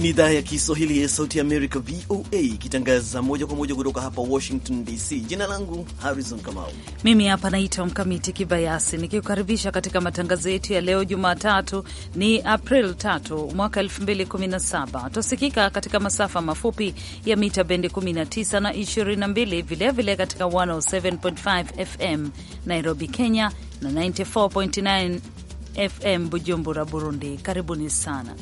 Hii ni idhaa ya Kiswahili ya Sauti ya Amerika, VOA, ikitangaza moja kwa moja kutoka hapa Washington DC. Jina langu Harrison Kamau, mimi hapa naitwa Mkamiti Kibayasi, nikikukaribisha katika matangazo yetu ya leo Jumatatu ni April 3 mwaka 2017. Twasikika katika masafa mafupi ya mita bendi 19 na 22, vilevile katika 107.5 FM Nairobi, Kenya na 94.9 FM Bujumbura, Burundi. Karibuni sana.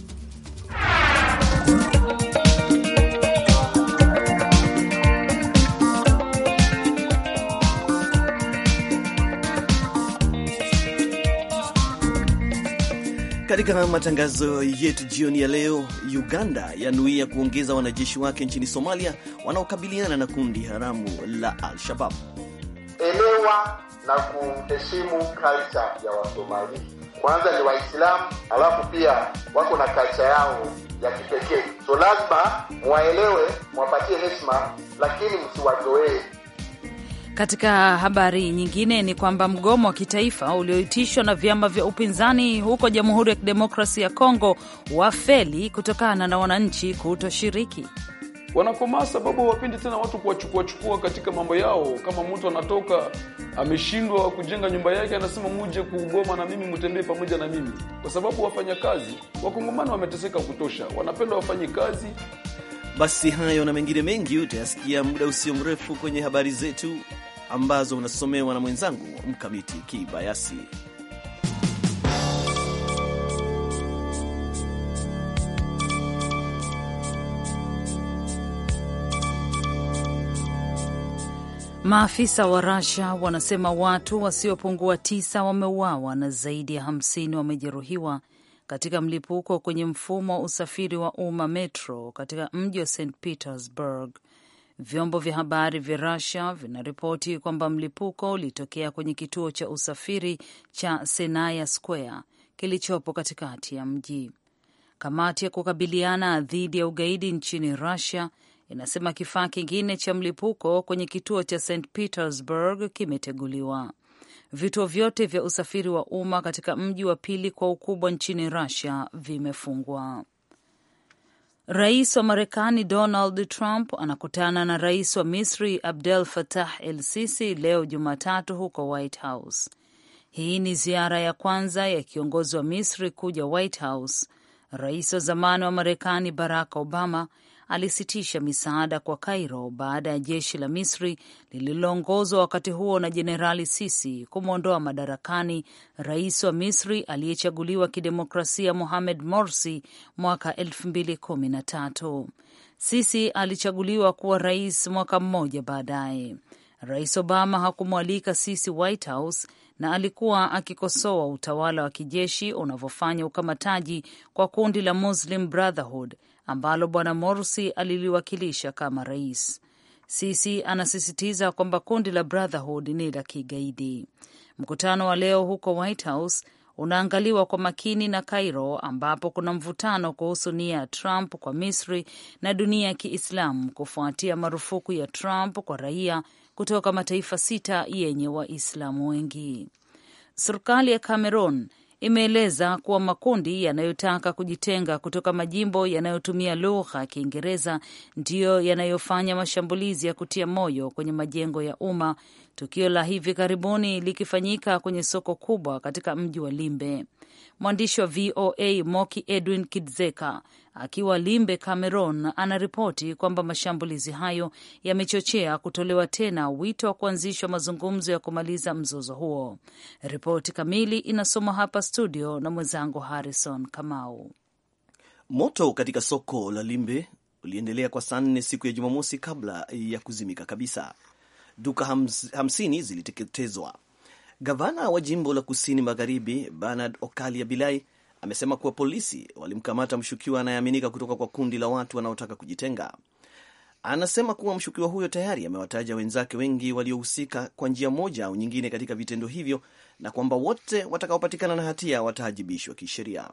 Katika matangazo yetu jioni ya leo, Uganda yanuia kuongeza wanajeshi wake nchini Somalia wanaokabiliana na kundi haramu la Al-Shabab. Elewa na kuheshimu kalcha ya Wasomali, kwanza ni Waislamu, alafu pia wako na kalcha yao ya kipekee, so lazima mwaelewe, mwapatie heshima, lakini msiwazoee katika habari nyingine ni kwamba mgomo wa kitaifa ulioitishwa na vyama vya upinzani huko Jamhuri ya Kidemokrasi ya Kongo wafeli kutokana na wananchi kutoshiriki. Wanakomaa sababu hawapendi tena watu kuwachukuachukua katika mambo yao. Kama mtu anatoka ameshindwa kujenga nyumba yake, anasema muje kugoma na mimi, mtembee pamoja na mimi, kwa sababu wafanyakazi wakongomani wameteseka kutosha, wanapenda wafanye kazi. Basi hayo na mengine mengi utayasikia muda usio mrefu kwenye habari zetu ambazo unasomewa na mwenzangu Mkamiti Kibayasi. Maafisa wa rusia wanasema watu wasiopungua tisa wameuawa na zaidi ya hamsini wamejeruhiwa katika mlipuko kwenye mfumo wa usafiri wa umma metro katika mji wa St Petersburg. Vyombo vya habari vya Rusia vinaripoti kwamba mlipuko ulitokea kwenye kituo cha usafiri cha Senaya Square kilichopo katikati ya mji. Kamati ya kukabiliana dhidi ya ugaidi nchini Rusia inasema kifaa kingine cha mlipuko kwenye kituo cha St Petersburg kimeteguliwa. Vituo vyote vya usafiri wa umma katika mji wa pili kwa ukubwa nchini Rusia vimefungwa. Rais wa Marekani Donald Trump anakutana na rais wa Misri Abdel Fattah El Sisi leo Jumatatu huko White House. Hii ni ziara ya kwanza ya kiongozi wa Misri kuja White House. Rais wa zamani wa Marekani Barack Obama alisitisha misaada kwa Cairo baada ya jeshi la Misri lililoongozwa wakati huo na Jenerali Sisi kumwondoa madarakani rais wa Misri aliyechaguliwa kidemokrasia Mohamed Morsi mwaka tatu Sisi alichaguliwa kuwa rais mwaka mmoja baadaye. Rais Obama hakumwalika Sisi White House na alikuwa akikosoa utawala wa kijeshi unavyofanya ukamataji kwa kundi la Muslim Brotherhood ambalo bwana Morsi aliliwakilisha kama rais. Sisi anasisitiza kwamba kundi la Brotherhood ni la kigaidi. Mkutano wa leo huko White House unaangaliwa kwa makini na Cairo, ambapo kuna mvutano kuhusu nia ya Trump kwa Misri na dunia ya Kiislamu kufuatia marufuku ya Trump kwa raia kutoka mataifa sita yenye Waislamu wengi. Serikali ya Cameron imeeleza kuwa makundi yanayotaka kujitenga kutoka majimbo yanayotumia lugha ya Kiingereza ndiyo yanayofanya mashambulizi ya kutia moyo kwenye majengo ya umma tukio la hivi karibuni likifanyika kwenye soko kubwa katika mji wa Limbe. Mwandishi wa VOA Moki Edwin Kidzeka akiwa Limbe, Cameron, anaripoti kwamba mashambulizi hayo yamechochea kutolewa tena wito wa kuanzishwa mazungumzo ya kumaliza mzozo huo. Ripoti kamili inasomwa hapa studio na mwenzangu Harrison Kamau. Moto katika soko la Limbe uliendelea kwa saa nne siku ya Jumamosi kabla ya kuzimika kabisa duka hams, hamsini ziliteketezwa. Gavana wa jimbo la kusini magharibi Bernard Okalia Bilai amesema kuwa polisi walimkamata mshukiwa anayeaminika kutoka kwa kundi la watu wanaotaka kujitenga. Anasema kuwa mshukiwa huyo tayari amewataja wenzake wengi waliohusika kwa njia moja au nyingine katika vitendo hivyo na kwamba wote watakaopatikana na hatia wataajibishwa kisheria.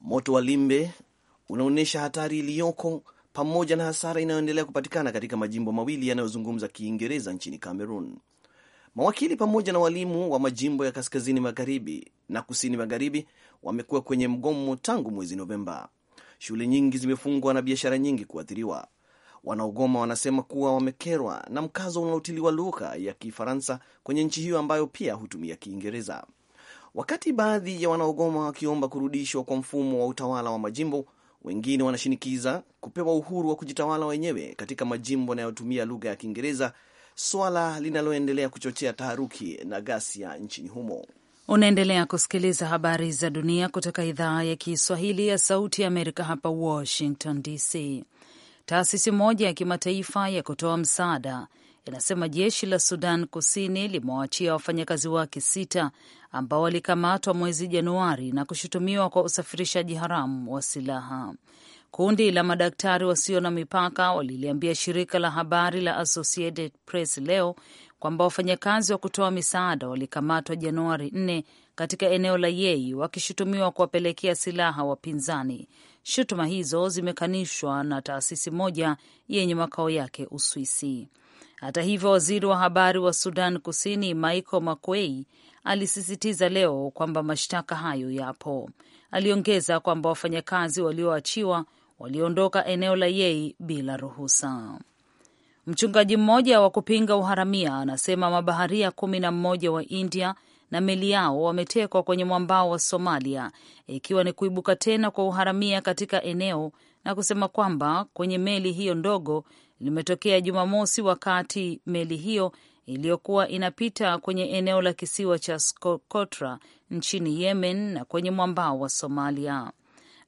Moto wa Limbe unaonyesha hatari iliyoko pamoja na hasara inayoendelea kupatikana katika majimbo mawili yanayozungumza Kiingereza nchini Cameroon. Mawakili pamoja na walimu wa majimbo ya kaskazini magharibi na kusini magharibi wamekuwa kwenye mgomo tangu mwezi Novemba. Shule nyingi zimefungwa na biashara nyingi kuathiriwa. Wanaogoma wanasema kuwa wamekerwa na mkazo unaotiliwa lugha ya Kifaransa kwenye nchi hiyo ambayo pia hutumia Kiingereza. Wakati baadhi ya wanaogoma wakiomba kurudishwa kwa mfumo wa utawala wa majimbo wengine wanashinikiza kupewa uhuru wa kujitawala wenyewe katika majimbo yanayotumia lugha ya Kiingereza, swala linaloendelea kuchochea taharuki na ghasia nchini humo. Unaendelea kusikiliza habari za dunia kutoka idhaa ya Kiswahili ya Sauti ya Amerika, hapa Washington DC. Taasisi moja ya kimataifa ya kutoa msaada inasema jeshi la Sudan Kusini limewaachia wafanyakazi wake sita ambao walikamatwa mwezi Januari na kushutumiwa kwa usafirishaji haramu wa silaha. Kundi la madaktari wasio na mipaka waliliambia shirika la habari la Associated Press leo kwamba wafanyakazi wa kutoa misaada walikamatwa Januari 4 katika eneo la Yei wakishutumiwa kuwapelekea silaha wapinzani. Shutuma hizo zimekanishwa na taasisi moja yenye makao yake Uswisi. Hata hivyo, waziri wa habari wa Sudan Kusini Michael Makwei alisisitiza leo kwamba mashtaka hayo yapo. Aliongeza kwamba wafanyakazi walioachiwa waliondoka eneo la Yei bila ruhusa. Mchungaji mmoja wa kupinga uharamia anasema mabaharia kumi na mmoja wa India na meli yao wametekwa kwenye mwambao wa Somalia, ikiwa ni kuibuka tena kwa uharamia katika eneo, na kusema kwamba kwenye meli hiyo ndogo limetokea Jumamosi wakati meli hiyo iliyokuwa inapita kwenye eneo la kisiwa cha Socotra nchini Yemen na kwenye mwambao wa Somalia.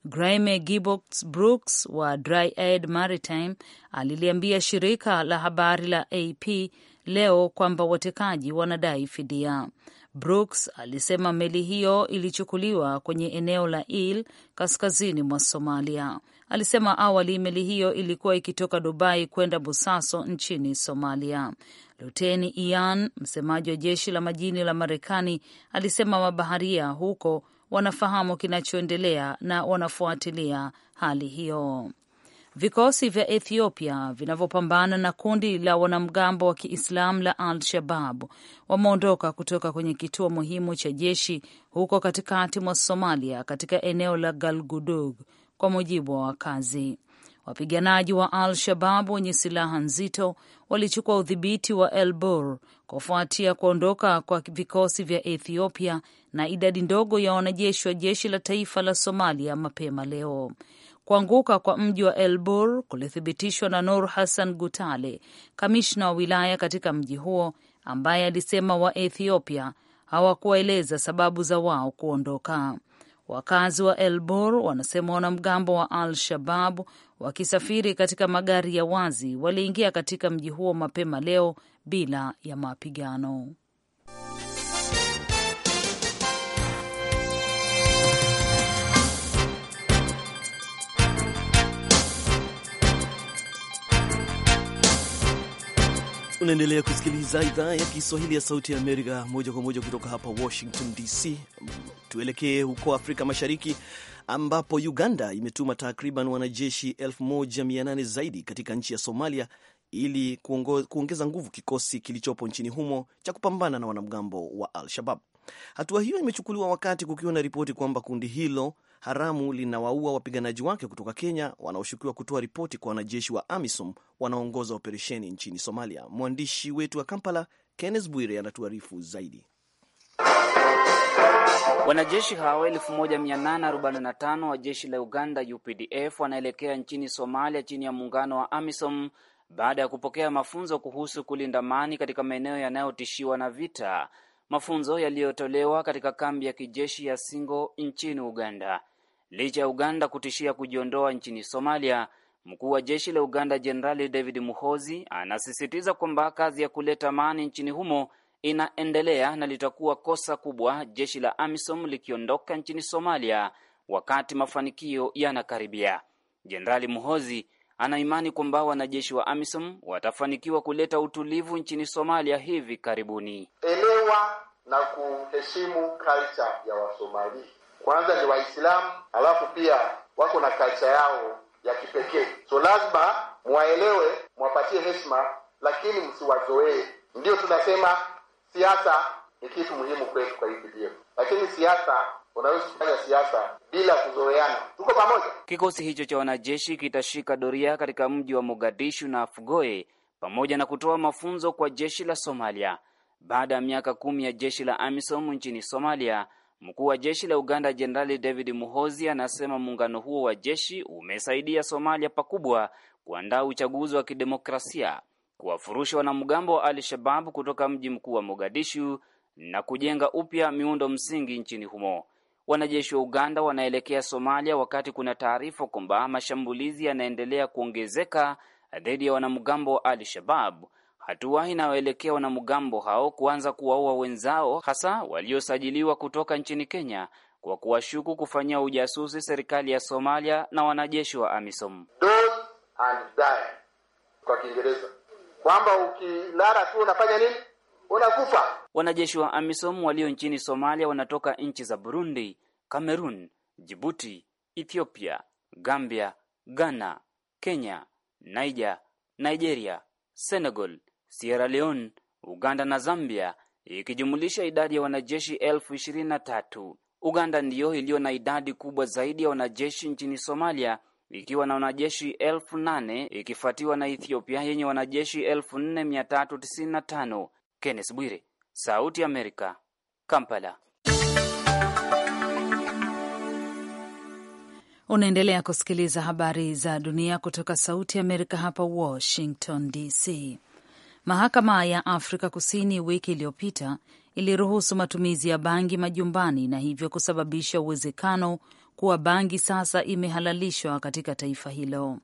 Graeme Gibbons Brooks wa Dryad Maritime aliliambia shirika la habari la AP leo kwamba watekaji wanadai fidia. Brooks alisema meli hiyo ilichukuliwa kwenye eneo la Il kaskazini mwa Somalia alisema awali meli hiyo ilikuwa ikitoka Dubai kwenda Busaso nchini Somalia. Luteni Ian, msemaji wa jeshi la majini la Marekani, alisema mabaharia huko wanafahamu kinachoendelea na wanafuatilia hali hiyo. Vikosi vya Ethiopia vinavyopambana na kundi la wanamgambo wa Kiislamu la Al Shabab wameondoka kutoka kwenye kituo muhimu cha jeshi huko katikati mwa Somalia, katika eneo la Galgudug, kwa mujibu wa wakazi. Wapiganaji wa Al Shabab wenye silaha nzito walichukua udhibiti wa El Bur kufuatia kuondoka kwa vikosi vya Ethiopia na idadi ndogo ya wanajeshi wa jeshi la taifa la Somalia mapema leo. Kuanguka kwa mji wa El Bur kulithibitishwa na Nur Hassan Gutale, kamishna wa wilaya katika mji huo, ambaye alisema wa Ethiopia hawakuwaeleza sababu za wao kuondoka. Wakazi wa Elbor wanasema wanamgambo wa Al Shabab wakisafiri katika magari ya wazi waliingia katika mji huo mapema leo bila ya mapigano. Unaendelea kusikiliza idhaa ya Kiswahili ya Sauti ya Amerika moja kwa moja kutoka hapa Washington DC. Tuelekee huko Afrika Mashariki ambapo Uganda imetuma takriban wanajeshi 1800 zaidi katika nchi ya Somalia ili kuongeza nguvu kikosi kilichopo nchini humo cha kupambana na wanamgambo wa Al-Shabab. Hatua hiyo imechukuliwa wakati kukiwa na ripoti kwamba kundi hilo haramu linawaua wapiganaji wake kutoka Kenya wanaoshukiwa kutoa ripoti kwa wanajeshi wa AMISOM wanaoongoza operesheni nchini Somalia. Mwandishi wetu wa Kampala, Kenneth Bwire, anatuarifu zaidi. Wanajeshi hao 1845 wa jeshi la Uganda UPDF wanaelekea nchini Somalia chini ya muungano wa AMISOM baada ya kupokea mafunzo kuhusu kulinda amani katika maeneo yanayotishiwa na vita, mafunzo yaliyotolewa katika kambi ya kijeshi ya Singo nchini Uganda. Licha ya Uganda kutishia kujiondoa nchini Somalia, mkuu wa jeshi la Uganda Jenerali David Muhozi anasisitiza kwamba kazi ya kuleta amani nchini humo inaendelea na litakuwa kosa kubwa jeshi la AMISOM likiondoka nchini Somalia wakati mafanikio yanakaribia. Jenerali Muhozi anaimani kwamba wanajeshi wa AMISOM watafanikiwa kuleta utulivu nchini Somalia hivi karibuni. Elewa na kuheshimu kalcha ya Wasomali. Kwanza ni Waislamu, alafu pia wako na kalcha yao ya kipekee, so lazima mwaelewe, mwapatie heshima, lakini msiwazoee. Ndiyo tunasema Siasa ni kitu muhimu kwetu kwa UPDF, lakini siasa unaweza kufanya siasa bila kuzoeana. Tuko pamoja. Kikosi hicho cha wanajeshi kitashika doria katika mji wa Mogadishu na Afgoye pamoja na kutoa mafunzo kwa jeshi la Somalia. Baada ya miaka kumi ya jeshi la AMISOM nchini Somalia, mkuu wa jeshi la Uganda Jenerali David Muhozi anasema muungano huo wa jeshi umesaidia Somalia pakubwa kuandaa uchaguzi wa kidemokrasia kuwafurusha wanamgambo wa Al Shabab kutoka mji mkuu wa Mogadishu na kujenga upya miundo msingi nchini humo. Wanajeshi wa Uganda wanaelekea Somalia wakati kuna taarifa kwamba mashambulizi yanaendelea kuongezeka dhidi ya wanamgambo wa Al Shabab, hatua inayoelekea wanamgambo hao kuanza kuwaua wenzao, hasa waliosajiliwa kutoka nchini Kenya kwa kuwashuku kufanyia ujasusi serikali ya Somalia na wanajeshi wa AMISOM. Kwa Kiingereza kwamba ukilala tu unafanya nini? Unakufa. Wanajeshi wa AMISOM walio nchini Somalia wanatoka nchi za Burundi, Kamerun, Jibuti, Ethiopia, Gambia, Ghana, Kenya, Niger, Nigeria, Senegal, Sierra Leone, Uganda na Zambia, ikijumulisha idadi ya wanajeshi elfu ishirini na tatu. Uganda ndiyo iliyo na idadi kubwa zaidi ya wanajeshi nchini Somalia ikiwa na wanajeshi elfu nane ikifuatiwa na Ethiopia yenye wanajeshi elfu nne mia tatu tisini na tano. Kenneth Bwire, Sauti Amerika, Kampala. Unaendelea kusikiliza habari za dunia kutoka Sauti Amerika hapa Washington DC. Mahakama ya Afrika Kusini wiki iliyopita iliruhusu matumizi ya bangi majumbani na hivyo kusababisha uwezekano kuwa bangi sasa imehalalishwa katika taifa hilo.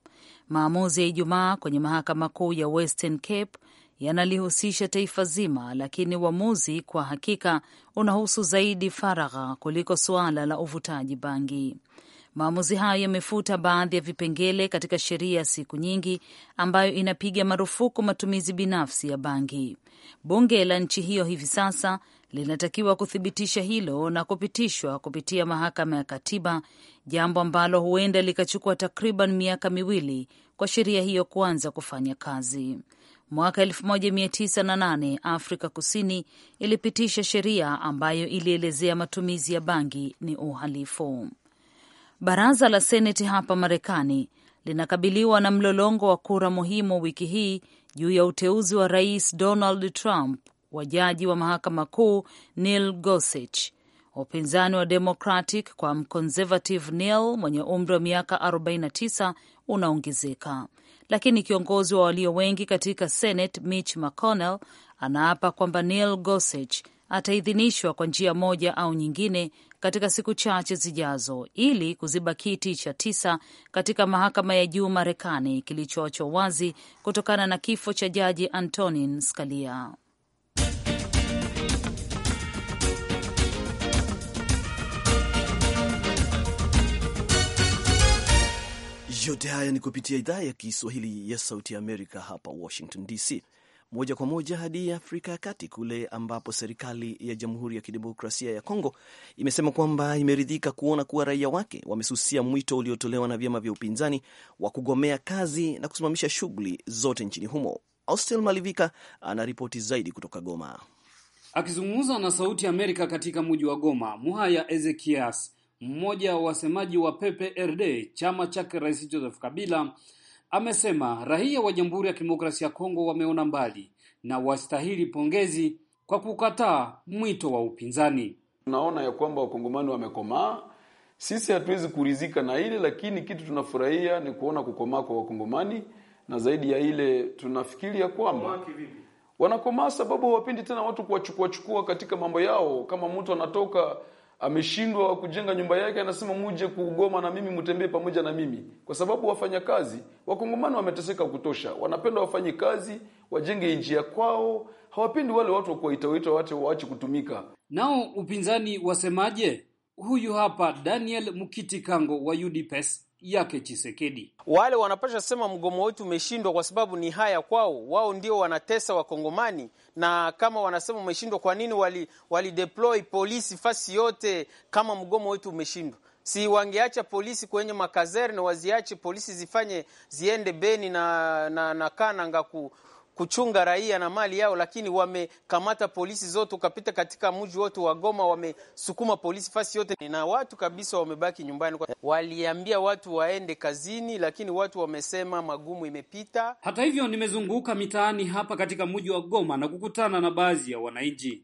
Maamuzi ya Ijumaa kwenye mahakama kuu ya Western Cape yanalihusisha taifa zima, lakini uamuzi kwa hakika unahusu zaidi faragha kuliko suala la uvutaji bangi. Maamuzi hayo yamefuta baadhi ya vipengele katika sheria ya siku nyingi ambayo inapiga marufuku matumizi binafsi ya bangi. Bunge la nchi hiyo hivi sasa linatakiwa kuthibitisha hilo na kupitishwa kupitia mahakama ya katiba, jambo ambalo huenda likachukua takriban miaka miwili kwa sheria hiyo kuanza kufanya kazi. Mwaka 1908 Afrika Kusini ilipitisha sheria ambayo ilielezea matumizi ya bangi ni uhalifu. Baraza la Seneti hapa Marekani linakabiliwa na mlolongo wa kura muhimu wiki hii juu ya uteuzi wa Rais Donald Trump wa jaji wa mahakama kuu Neil Gorsuch. Upinzani wa Democratic kwa mconservative Neil mwenye umri wa miaka 49 unaongezeka, lakini kiongozi wa walio wengi katika Senate Mitch McConnell anaapa kwamba Neil Gorsuch ataidhinishwa kwa njia moja au nyingine katika siku chache zijazo ili kuziba kiti cha tisa katika mahakama ya juu Marekani kilichoachwa wazi kutokana na kifo cha jaji Antonin Scalia. Yote haya ni kupitia idhaa ya Kiswahili ya Sauti ya Amerika hapa Washington DC, moja kwa moja hadi Afrika ya Kati kule ambapo serikali ya Jamhuri ya Kidemokrasia ya Kongo imesema kwamba imeridhika kuona kuwa raia wake wamesusia mwito uliotolewa na vyama vya upinzani wa kugomea kazi na kusimamisha shughuli zote nchini humo. Austel Malivika ana ripoti zaidi kutoka Goma. Akizungumza na Sauti ya Amerika katika mji wa Goma, Muhaya Ezekias mmoja wa wasemaji wa Pepe RD chama chake Rais Joseph Kabila amesema raia wa Jamhuri ya Kidemokrasia ya Kongo wameona mbali na wastahili pongezi kwa kukataa mwito wa upinzani. Tunaona ya kwamba wakongomani wamekomaa. Sisi hatuwezi kuridhika na ile, lakini kitu tunafurahia ni kuona kukomaa kwa wakongomani, na zaidi ya ile tunafikiri ya kwamba wanakomaa sababu hawapendi tena watu kuwachukuachukua katika mambo yao. Kama mtu anatoka ameshindwa kujenga nyumba yake, anasema muje kugoma na mimi, mtembee pamoja na mimi, kwa sababu wafanyakazi wakongomano wameteseka kutosha. Wanapenda wafanye kazi, wajenge nchi ya kwao, hawapendi wale watu wa kuwaitawaita watu waache kutumika. Nao upinzani wasemaje? Huyu hapa Daniel Mukiti Kango wa UDPS e yake Chisekedi. Wale wanapasha sema mgomo wetu umeshindwa, kwa sababu ni haya kwao, wao ndio wanatesa Wakongomani. Na kama wanasema umeshindwa, kwa nini wali, wali deploy polisi fasi yote kama mgomo wetu umeshindwa? Si wangeacha polisi kwenye makazerne, waziache polisi zifanye ziende Beni na, na, na Kananga ku kuchunga raia na mali yao, lakini wamekamata polisi zote. Ukapita katika mji wote wa Goma, wamesukuma polisi fasi yote, na watu kabisa wamebaki nyumbani. Waliambia watu waende kazini, lakini watu wamesema magumu imepita. Hata hivyo, nimezunguka mitaani hapa katika mji wa Goma na kukutana na baadhi ya wananchi.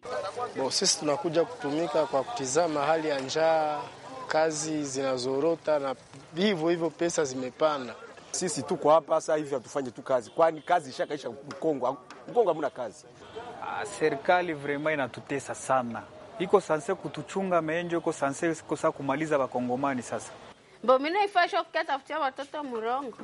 Sisi tunakuja kutumika kwa kutizama hali ya njaa, kazi zinazorota na hivyo hivyo pesa zimepanda. Sisi tuko hapa sasa hivi hatufanye tu kazi, kwani kazi ishakaisha Mkongo. Mkongo hamuna kazi. Ah, serikali vrema inatutesa sana, iko sanse kutuchunga meenjo, iko sanse kosa kumaliza Wakongomani sasa mbo minaifashwa watoto murongo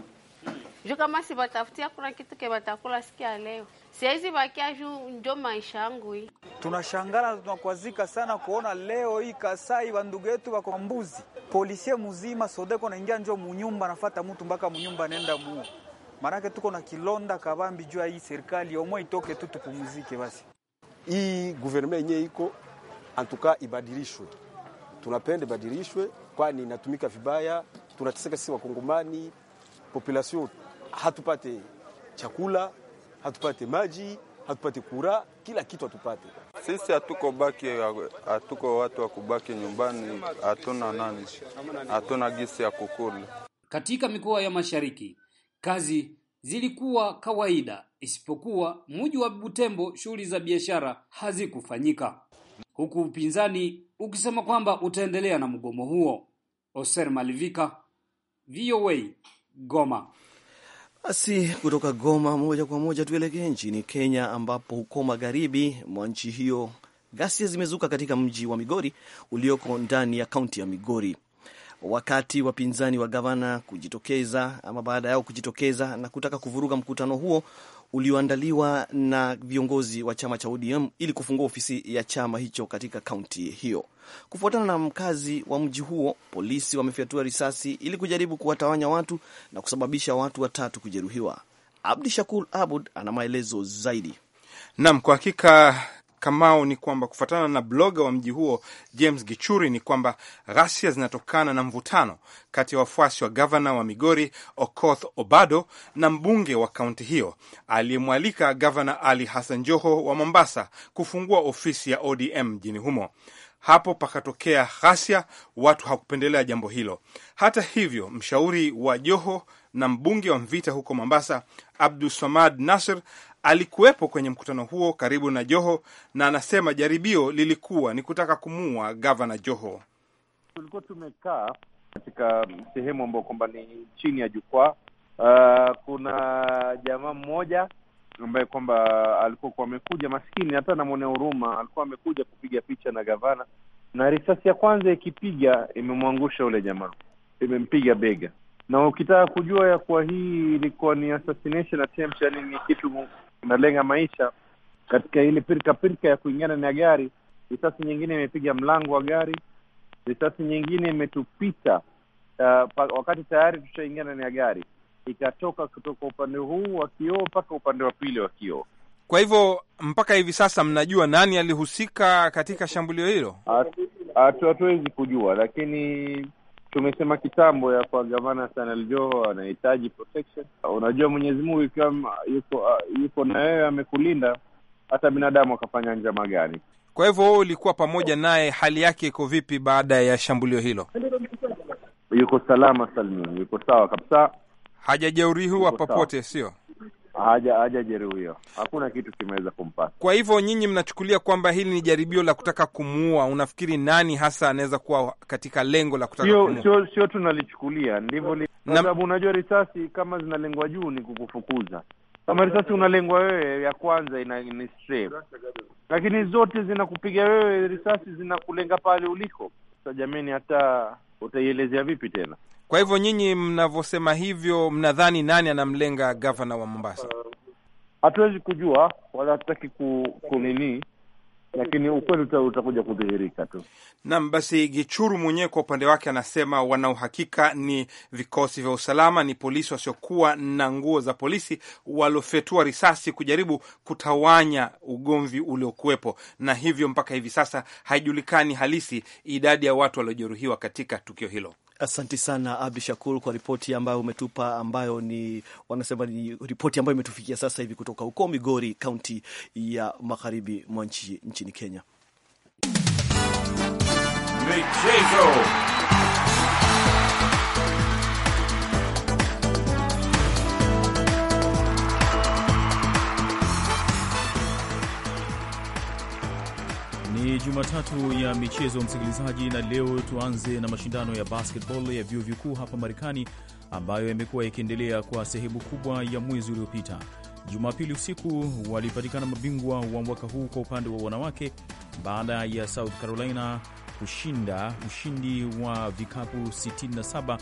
juu kama sivatafutia kuna kitu ke kevatakula sikia leo, siwezi vakia juu njo maisha yangu hii. Tunashangala, tunakwazika sana kuona leo hii Kasai vandugu yetu vako mbuzi, polisie mzima Sodeko naingia njo munyumba, nafata mtu mpaka munyumba nenda muo, maanake tuko na kilonda kabambi juu ya hii serikali omwe itoke tu tupumzike basi. Hii guverneme yenyewe iko antuka ibadilishwe, tunapenda ibadilishwe, kwani inatumika vibaya, tunateseka sisi Wakongomani population hatupate chakula, hatupate maji, hatupate kura, kila kitu hatupate. Sisi hatuko baki, hatuko watu wa kubaki nyumbani, hatuna nani, hatuna gisi ya kukula. Katika mikoa ya mashariki kazi zilikuwa kawaida, isipokuwa mji wa Butembo shughuli za biashara hazikufanyika, huku upinzani ukisema kwamba utaendelea na mgomo huo. Oser Malivika, VOA Goma. Basi kutoka Goma moja kwa moja tuelekee nchini Kenya, ambapo huko magharibi mwa nchi hiyo ghasia zimezuka katika mji wa Migori ulioko ndani ya kaunti ya Migori wakati wapinzani wa gavana kujitokeza ama baada yao kujitokeza na kutaka kuvuruga mkutano huo ulioandaliwa na viongozi wa chama cha ODM ili kufungua ofisi ya chama hicho katika kaunti hiyo. Kufuatana na mkazi wa mji huo, polisi wamefyatua risasi ili kujaribu kuwatawanya watu na kusababisha watu watatu kujeruhiwa. abdishakur Abud ana maelezo zaidi. Nam, kwa hakika Kamao ni kwamba kufuatana na bloga wa mji huo James Gichuri ni kwamba ghasia zinatokana na mvutano kati ya wafuasi wa gavana wa Migori Okoth Obado na mbunge wa kaunti hiyo aliyemwalika gavana Ali Hassan Joho wa Mombasa kufungua ofisi ya ODM mjini humo. Hapo pakatokea ghasia, watu hakupendelea jambo hilo. Hata hivyo, mshauri wa Joho na mbunge wa Mvita huko Mombasa Abdu Samad Nasir alikuwepo kwenye mkutano huo karibu na Joho na anasema jaribio lilikuwa ni kutaka kumuua gavana Joho. Tulikuwa tumekaa katika sehemu ambayo kwamba ni chini ya jukwaa. Uh, kuna jamaa mmoja ambaye kwamba alikuwa amekuja maskini, hata namwonea huruma, alikuwa amekuja kupiga picha na gavana, na risasi ya kwanza ikipiga imemwangusha yule jamaa, imempiga bega. Na ukitaka kujua ya kuwa hii ilikuwa ni assassination attempt, yani ni kitu unalenga maisha katika ile pirika pirika ya kuingana na gari. Risasi nyingine imepiga mlango wa gari, risasi nyingine imetupita uh, wakati tayari tushaingana na gari, ikatoka kutoka upande huu wa kioo mpaka upande wa pili wa kioo. Kwa hivyo mpaka hivi sasa mnajua nani alihusika katika shambulio hilo? Hatuwezi kujua, lakini tumesema kitambo ya kwa gavana Sanal Joho anahitaji protection. Unajua, Mwenyezi Mungu ikiwa yuko, uh, yuko na wewe amekulinda, hata binadamu akafanya njama gani. Kwa hivyo wewe ulikuwa pamoja naye, hali yake iko vipi baada ya shambulio hilo? Yuko salama salmini, yuko sawa kabisa, hajajeruhiwa popote, sio? haja hajajeruhiwa, hakuna kitu kimeweza kumpata. Kwa hivyo nyinyi mnachukulia kwamba hili ni jaribio la kutaka kumuua? Unafikiri nani hasa anaweza kuwa katika lengo la kutaka kumuua? Sio, sio tunalichukulia ndivyo li... na... sababu unajua risasi kama zinalengwa juu ni kukufukuza. Kama risasi unalengwa wewe, ya kwanza ina ni lakini zote zinakupiga wewe, risasi zinakulenga pale uliko sasa jameni, hata utaielezea vipi tena? Kwa hivyo nyinyi mnavyosema hivyo, mnadhani nani anamlenga gavana wa Mombasa? Uh, hatuwezi uh, kujua wala hatutaki kunini ku, lakini ukweli utakuja kudhihirika tu. Naam, basi Gichuru mwenyewe kwa upande wake anasema wanaohakika ni vikosi vya usalama, ni polisi wasiokuwa na nguo za polisi waliofyatua risasi kujaribu kutawanya ugomvi uliokuwepo, na hivyo mpaka hivi sasa haijulikani halisi idadi ya watu waliojeruhiwa katika tukio hilo. Asanti sana Abdu Shakur kwa ripoti ambayo umetupa, ambayo ni wanasema ni ripoti ambayo imetufikia sasa hivi kutoka huko Migori, kaunti ya magharibi mwa nchi nchini Kenya. Michezo. Ni Jumatatu ya michezo msikilizaji, na leo tuanze na mashindano ya basketball ya vyuo vikuu hapa Marekani ambayo yamekuwa yakiendelea kwa sehemu kubwa ya mwezi uliopita. Jumapili usiku walipatikana mabingwa wa mwaka huu kwa upande wa wanawake baada ya South Carolina kushinda ushindi wa vikapu 67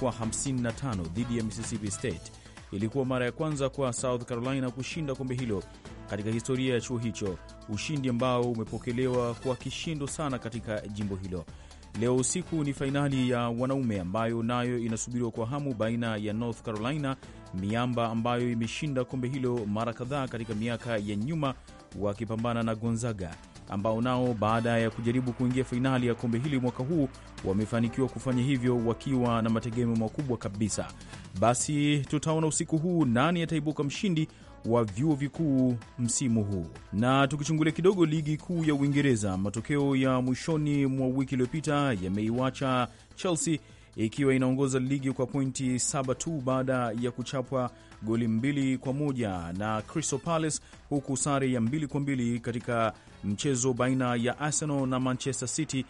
kwa 55 dhidi ya Mississippi State. Ilikuwa mara ya kwanza kwa South Carolina kushinda kombe hilo katika historia ya chuo hicho, ushindi ambao umepokelewa kwa kishindo sana katika jimbo hilo. Leo usiku ni fainali ya wanaume ambayo nayo inasubiriwa kwa hamu baina ya North Carolina, miamba ambayo imeshinda kombe hilo mara kadhaa katika miaka ya nyuma, wakipambana na Gonzaga ambao nao baada ya kujaribu kuingia fainali ya kombe hili mwaka huu wamefanikiwa kufanya hivyo wakiwa na mategemeo makubwa kabisa. Basi tutaona usiku huu nani ataibuka mshindi wa vyuo vikuu msimu huu. Na tukichungulia kidogo ligi kuu ya Uingereza, matokeo ya mwishoni mwa wiki iliyopita yameiwacha Chelsea ikiwa inaongoza ligi kwa pointi saba tu baada ya kuchapwa goli mbili kwa moja na Crystal Palace, huku sare ya mbili kwa mbili katika mchezo baina ya Arsenal na Manchester City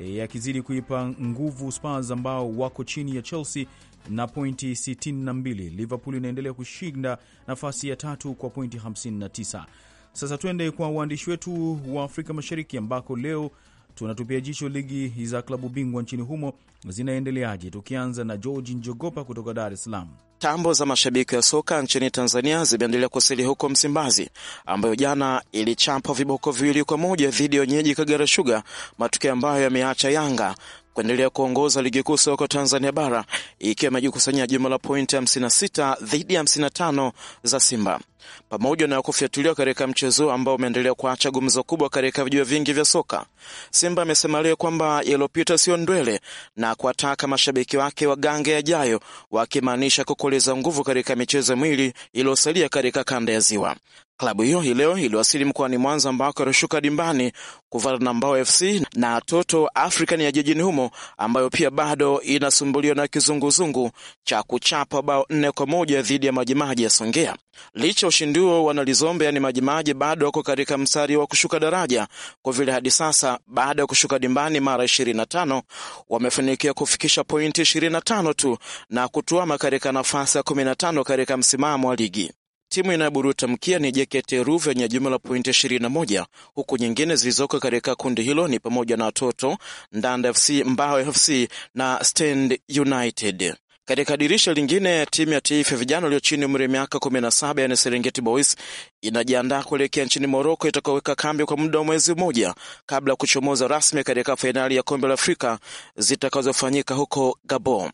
eh, yakizidi kuipa nguvu Spurs ambao wako chini ya Chelsea na pointi 62. Liverpool inaendelea kushinda nafasi ya tatu kwa pointi 59. Sasa twende kwa waandishi wetu wa Afrika Mashariki ambako leo tunatupia jicho ligi za klabu bingwa nchini humo zinaendeleaje, tukianza na George Njogopa kutoka Dar es Salaam. Tambo za mashabiki ya soka nchini Tanzania zimeendelea kusili huko Msimbazi, ambayo jana ilichapa viboko viwili kwa moja dhidi ya wenyeji Kagera Sugar, matokeo ambayo yameacha Yanga kuendelea kuongoza ligi kuu soka Tanzania bara ikiwa imejikusanyia jumla la pointi 56 dhidi ya 55 za Simba pamoja na kufyatuliwa katika mchezo ambao umeendelea kuacha gumzo kubwa katika vijua vingi vya soka. Simba amesema leo kwamba yaliyopita sio ndwele na kuwataka mashabiki wake wagange yajayo, wakimaanisha kukoleza nguvu katika michezo ya mwili iliyosalia katika kanda ya Ziwa. Klabu hiyo hii leo iliwasili mkoani Mwanza ambako ilishuka dimbani kuvana na Mbao FC na Toto African ya jijini humo ambayo pia bado inasumbuliwa na kizunguzungu cha kuchapa bao nne kwa moja dhidi ya Majimaji ya Songea Licha ushindi huo, wanalizombe yani Majimaji bado wako katika mstari wa kushuka daraja kwa vile hadi sasa baada ya kushuka dimbani mara 25 wamefanikiwa kufikisha pointi 25 tu na kutuama katika nafasi ya 15 katika msimamo wa ligi. Timu inayoburuta mkia ni JKT Ruvu yenye jumla la pointi 21, huku nyingine zilizoko katika kundi hilo ni pamoja na Watoto, Ndanda FC, Mbao FC na Stand United. Katika dirisha lingine, timu ya taifa ya vijana walio chini umri kumi miaka 17 yani Serengeti Boys inajiandaa kuelekea nchini Moroko itakaoweka kambi kwa muda wa mwezi mmoja kabla ya kuchomoza rasmi katika fainali ya kombe la Afrika zitakazofanyika huko Gabon.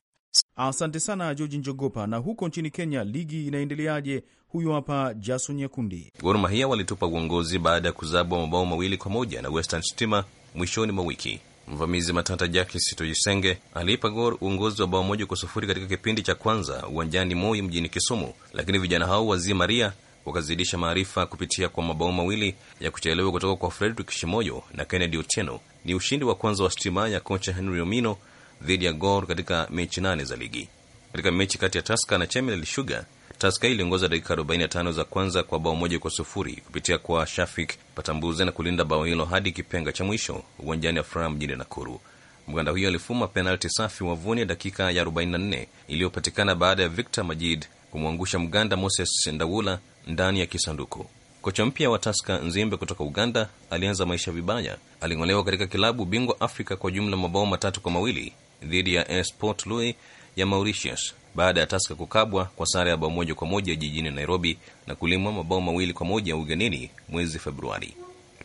Asante sana Georgi Njogopa. Na huko nchini Kenya, ligi inaendeleaje? Huyu hapa Jason nyekundi Gor Mahia walitupa uongozi baada ya kuzabwa mabao mawili kwa moja na Western Stima mwishoni mwa wiki. Mvamizi matata Sito Sitoyisenge aliipa Gor uongozi wa bao moja kwa sufuri katika kipindi cha kwanza uwanjani Moi mjini Kisumu, lakini vijana hao wa maria wakazidisha maarifa kupitia kwa mabao mawili ya kuchelewa kutoka kwa Fredrick Shimoyo na Kennedy Otieno. Ni ushindi wa kwanza wa stima ya kocha Henry Omino dhidi ya Gor katika mechi nane za ligi. Katika mechi kati ya taska na Chemelil Sugar, Taska iliongoza dakika 45 za kwanza kwa bao moja kwa sufuri kupitia kwa Shafik Patambuze na kulinda bao hilo hadi kipenga cha mwisho uwanjani ya mjini Nakuru. Mganda huyo alifuma penalti safi wavuni dakika ya 44 iliyopatikana baada ya Victor Majid kumwangusha Mganda Moses Ndawula ndani ya kisanduku. Kocha mpya wa Taska Nzimbe kutoka Uganda alianza maisha vibaya. Aling'olewa katika kilabu bingwa Afrika kwa jumla mabao matatu kwa mawili dhidi ya Esport Louis ya Mauritius baada ya Taska kukabwa kwa sare ya bao moja kwa moja jijini Nairobi na kulimwa mabao mawili kwa moja ugenini mwezi Februari.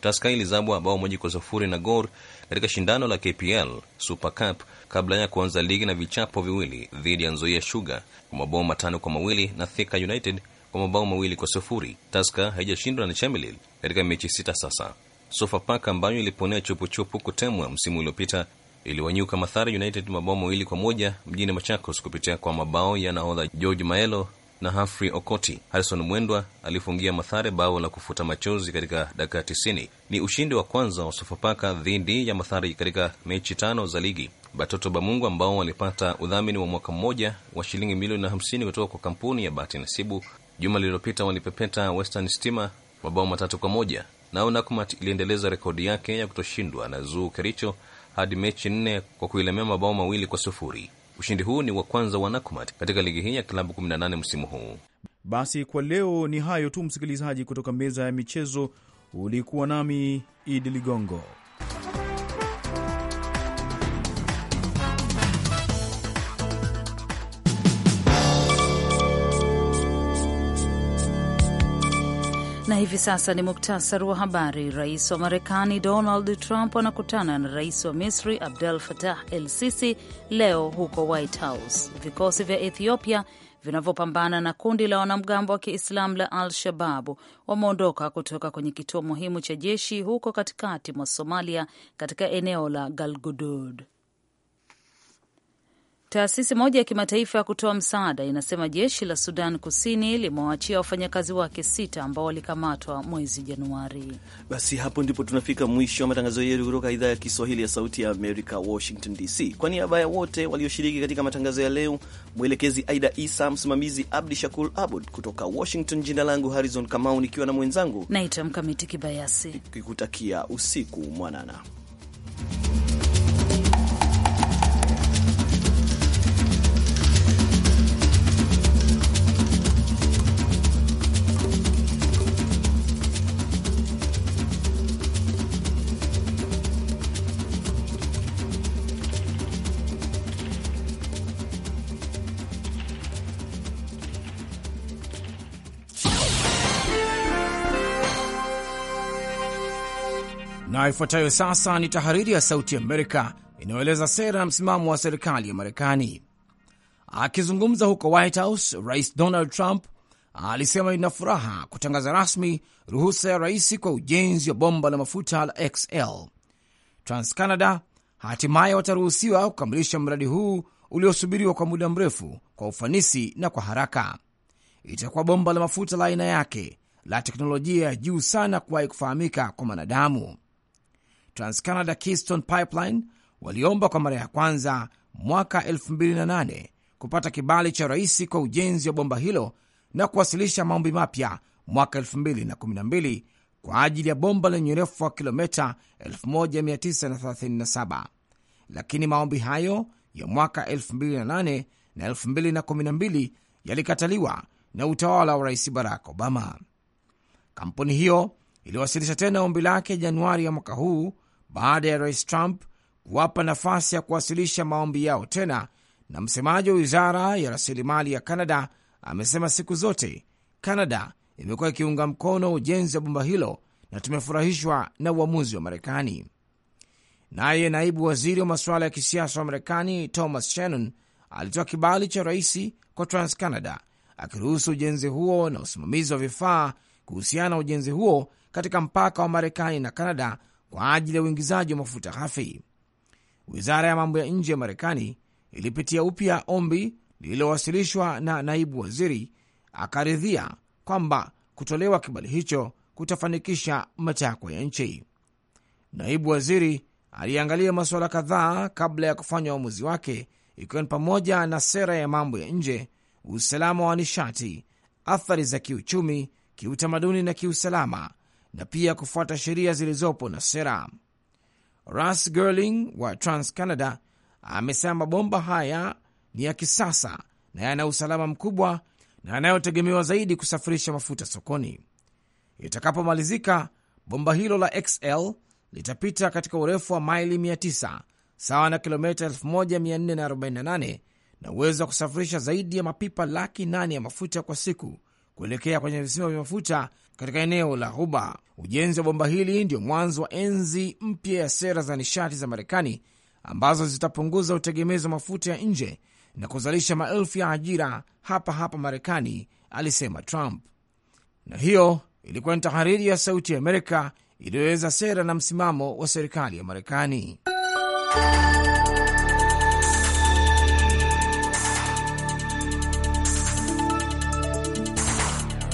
Taska ilizabwa bao moja kwa sufuri na Gor katika shindano la KPL Super Cup kabla ya kuanza ligi na vichapo viwili dhidi ya Nzoia Sugar kwa mabao matano kwa mawili na Thika United kwa mabao mawili kwa sufuri. Taska haijashindwa na Chemelil katika mechi sita sasa. Sofapaka ambayo iliponea chupuchupu kutemwa msimu uliopita iliwanyuka Mathare United mabao mawili kwa moja mjini Machakos kupitia kwa mabao ya nahodha George Maelo na Humphrey Okoti. Harrison Mwendwa alifungia Mathare bao la kufuta machozi katika dakika tisini. Ni ushindi wa kwanza wa Sofapaka dhidi ya Mathare katika mechi tano za ligi. Batoto Bamungu ambao walipata udhamini wa mwaka mmoja wa shilingi milioni na hamsini kutoka kwa kampuni ya bahati nasibu juma lililopita walipepeta Western Stima mabao matatu kwa moja. Nao Nakumat iliendeleza rekodi yake ya kutoshindwa na Zuu Kericho hadi mechi nne kwa kuilemea mabao mawili kwa sufuri. Ushindi huu ni wa kwanza wa Nakumatt katika ligi hii ya klabu 18 msimu huu. Basi kwa leo ni hayo tu, msikilizaji. Kutoka meza ya michezo ulikuwa nami Idi Ligongo. Na hivi sasa ni muktasari wa habari. Rais wa Marekani Donald Trump anakutana na rais wa Misri Abdel Fattah El Sisi leo huko White House. Vikosi vya Ethiopia vinavyopambana na kundi la wanamgambo wa Kiislamu la Al-Shababu wameondoka kutoka kwenye kituo muhimu cha jeshi huko katikati mwa Somalia katika eneo la Galgudud. Taasisi moja ya kimataifa ya kutoa msaada inasema jeshi la Sudan Kusini limewaachia wafanyakazi wake sita ambao walikamatwa mwezi Januari. Basi hapo ndipo tunafika mwisho wa matangazo yetu kutoka idhaa ya Kiswahili ya Sauti ya Amerika, Washington DC. Kwa niaba ya wote walioshiriki katika matangazo ya leo, mwelekezi Aida Isa, msimamizi Abdi Shakur Abud kutoka Washington, jina langu Harrison Kamau nikiwa na mwenzangu naita Mkamiti Kibayasi, kikutakia usiku mwanana. ifuatayo sasa ni tahariri ya Sauti Amerika inayoeleza sera na msimamo wa serikali ya Marekani. Akizungumza huko White House, Rais Donald Trump alisema ina furaha kutangaza rasmi ruhusa ya rais kwa ujenzi wa bomba la mafuta la XL. TransCanada hatimaye wataruhusiwa kukamilisha mradi huu uliosubiriwa kwa muda mrefu kwa ufanisi na kwa haraka. Itakuwa bomba la mafuta la aina yake la teknolojia ya juu sana kuwahi kufahamika kwa mwanadamu. TransCanada Keystone Pipeline waliomba kwa mara ya kwanza mwaka 2008 kupata kibali cha rais kwa ujenzi wa bomba hilo na kuwasilisha maombi mapya mwaka 2012 kwa ajili ya bomba lenye urefu wa kilometa 1937 lakini maombi hayo ya mwaka 2008 na 2012 yalikataliwa na utawala wa rais Barack Obama. Kampuni hiyo iliwasilisha tena ombi lake Januari ya mwaka huu baada ya rais Trump kuwapa nafasi ya kuwasilisha maombi yao tena. Na msemaji wa wizara ya rasilimali ya canada amesema siku zote canada imekuwa ikiunga mkono ujenzi wa bomba hilo na tumefurahishwa na uamuzi wa Marekani. Naye naibu waziri wa masuala ya kisiasa wa Marekani Thomas Shannon alitoa kibali cha rais kwa TransCanada akiruhusu ujenzi huo na usimamizi wa vifaa kuhusiana na ujenzi huo katika mpaka wa Marekani na canada kwa ajili ya uingizaji wa mafuta ghafi. Wizara ya mambo ya nje ya Marekani ilipitia upya ombi lililowasilishwa na naibu waziri, akaridhia kwamba kutolewa kibali hicho kutafanikisha matakwa ya nchi. Naibu waziri aliangalia masuala kadhaa kabla ya kufanya uamuzi wake, ikiwa ni pamoja na sera ya mambo ya nje, usalama wa nishati, athari za kiuchumi, kiutamaduni na kiusalama na pia kufuata sheria zilizopo na sera. Ras girling wa Trans Canada amesema mabomba haya ni ya kisasa na yana usalama mkubwa na yanayotegemewa zaidi kusafirisha mafuta sokoni. Itakapomalizika, bomba hilo la XL litapita katika urefu wa maili 900 sawa na kilomita 1448 na uwezo wa kusafirisha zaidi ya mapipa laki nane ya mafuta kwa siku kuelekea kwenye visima vya mafuta katika eneo la Ghuba. Ujenzi wa bomba hili ndio mwanzo wa enzi mpya ya sera za nishati za Marekani ambazo zitapunguza utegemezi wa mafuta ya nje na kuzalisha maelfu ya ajira hapa hapa Marekani, alisema Trump. Na hiyo ilikuwa ni tahariri ya Sauti ya Amerika iliyoeleza sera na msimamo wa serikali ya Marekani.